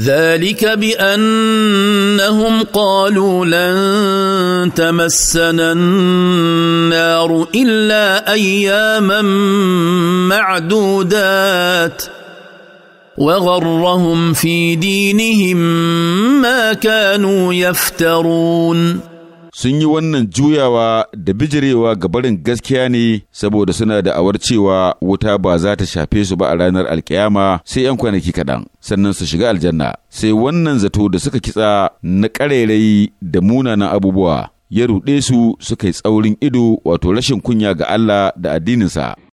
ذلك بانهم قالوا لن تمسنا النار الا اياما معدودات وغرهم في دينهم ما كانوا يفترون sun yi wannan juyawa da bijirewa ga barin gaskiya ne saboda suna da awar cewa wuta ba za ta shafe su ba a ranar alkiyama sai 'yan kwanaki kaɗan sannan su shiga aljanna sai wannan zato da suka kitsa na ƙarairayi da munanan abubuwa ya ruɗe su suka yi tsaurin ido wato rashin kunya ga Allah da addininsa.